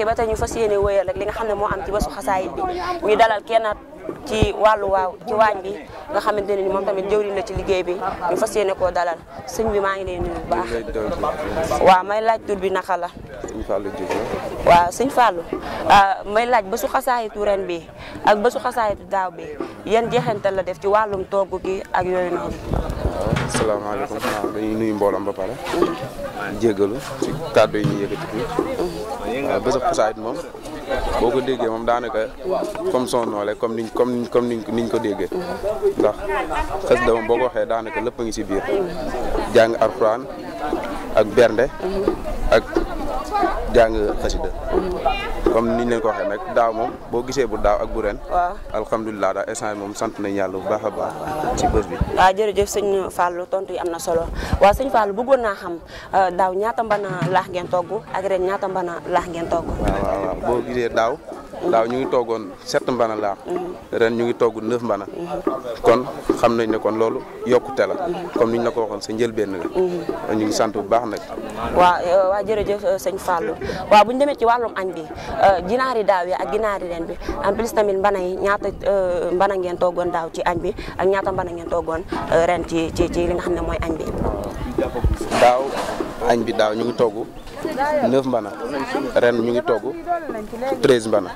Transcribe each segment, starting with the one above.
mbàkkee ba tey ñu fas yéene wéyal rek li nga xam ne moo am ci bésu xasaayit bi ñu dalal kenn ci wàllu waaw ci waañ bi nga xamante ne ni moom tamit jëwriñ la ci liggéey bi ñu fas yéene koo dalal sëñ bi maa ngi lay nuyu bu baax waaw may laaj tur bi naka la waaw sëñ Fallou ah, may laaj ba su xasaayitu ren bi ak bésu xasaayitu daaw bi yan jeexantal la def ci wàllum togg gi ak yooyu noonu salaamaaleykum waaw dañuy nuyu mboolam ba pare. jéggalu ci kàddu yi ñuy yëkkati fii. waaw bés bu xasaayit moom boo ko déggee moom daanaka comme son noole comme niñ comme comme niñ ko déggee. ndax xës dama boo ko waxee daanaka lépp a ngi ci biir. jàng alxuraan ak bernde ak. jàng xasida comme ni leen ko waxee nag daaw moom boo gisee bu daaw ak bu ren. waaw alhamdulilah daal instant moom sant nañ yàlla bu baax a baax. ci bés bi. waaw jërëjëf sëñ Fallou tontu yi am na solo waaw sëñ Fallou bëggoon naa xam euh, daaw ñaata mbana laax ngeen togg ak ren ñaata mbana laax ngeen togg. waaw waaw boo gisee daaw. daaw ñu ngi toogoon set mbana laax ren ñu ngi togg neuf mbana kon xam nañ ne kon loolu yokkute la comme ni ñu la ko waxoon sa njëlbéen la mm-hmm. ñu ngi sant bu baax nag waa waa jërëjëf euh, sëñ Fallou waaw bu ñu demee ci wàllum añ bi euh, ginaari daaw yi ak ginaari ren bi en plus tamit mbana yi ñaata euh, mbana ngeen toogoon daaw ci añ bi ak ñaata mbana ngeen toogoon ren ci ci ci li nga xam ne mooy añ bi daaw añ bi daaw ñu ngi togg neuf mbana ren ñu ngi togg treize mbana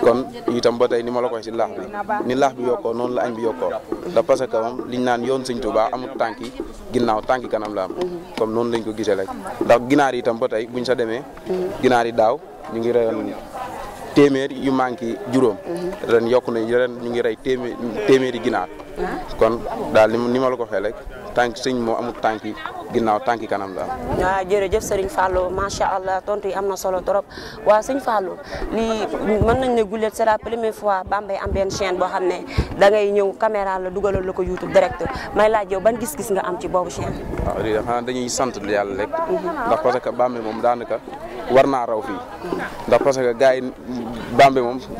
kon itam ba tey ni ma la koy si laax bi ni laax bi yokkoo noonu la añ bi yokkoo da parce que moom liñ naan yoon sëñ Tuubaa amul tànki ginnaaw tànki kanam la am comme noonu lañ ko gisee rek ndax ginaar yi itam ba tey buñ sa demee ginaar yi daaw ñu ngi reyoon téeméer yu manqué juróom ren yokku na ren ñu ngi rey téeméer téeméeri ginaar kon daal ni ma la ko xee rek tànk sëñ moo amul tànki ginnaaw tànki kanam la am. Ah, waaw jërëjëf Serigne Fallou macha allah tontu yi am na solo trop waaw Serigne Fallou lii mën nañ ne gulet c'est la première fois Bambey am benn chaîne boo xam ne da ñëw caméra la dugalal la ko YouTube direct may laaj yow ban gis-gis nga am ci boobu chaîne. waaw ah, lii xanaa dañuy sant yàlla rek. ndax parce que Bambey moom daanaka war naa raw fii. ndax parce que gars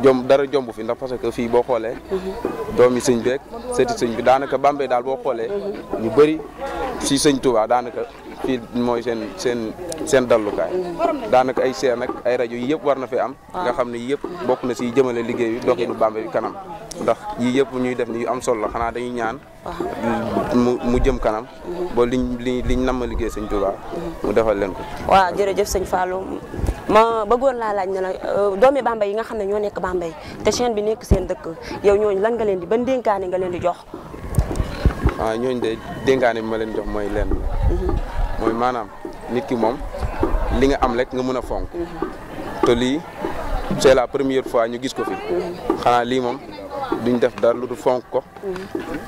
moom dara jomb fi ndax parce que boo xoolee. Mhm. doomi sëñ beeg seeti sëñ bi daanaka Bambey daal boo xoolee ñu bëri si sëñ Touba daanaka fii mooy seen seen seen dallukaay daanaka ay seen ak ay rajo yëpp war na fi am nga xam ne yëpp bokk na si jëmalee liggéey bi doxinu Bambey kanam ndax yii yëpp ñuy def ni am solo xanaa dañuy ñaan mu mu jëm kanam mhm. ba liñ li liñ nam ma liggéey sëñ Tuubaa mhm. mu defal leen ko waa waaw jërëjëf sëñ Fallou ma bëggoon laa laaj ne la euh, doomi Bambey yi nga xam ne ñoo nekk Bambey te chaîne bi nekk seen dëkk yow ñooñu lan nga leen di ban dénkaane nga leen di jox waaw ah, ñooñu de dénkaane bi ma leen jox mooy leen mhm. mooy maanaam nit ki moom li nga am rek nga mën a fonk te lii la première fois ñu gis ko fi xanaa lii moom duñ def dara lu du fonk ko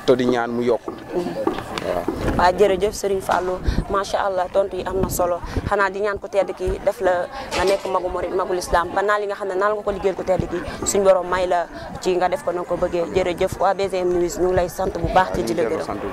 to di ñaan mu yokk waaw waaw jërëjëf Serigne allo macha allah tontu yi am na solo xanaa di ñaan ko tedd ki def la nga nekk magu morit magul islam ba naa li nga xam ne naa la nga ko liggéeyal ko tedd ki suñ borom may la ci nga def ko na nga ko bëggee jërëjëf ko BGM News ñu lay sant bu baax ci di la gërëm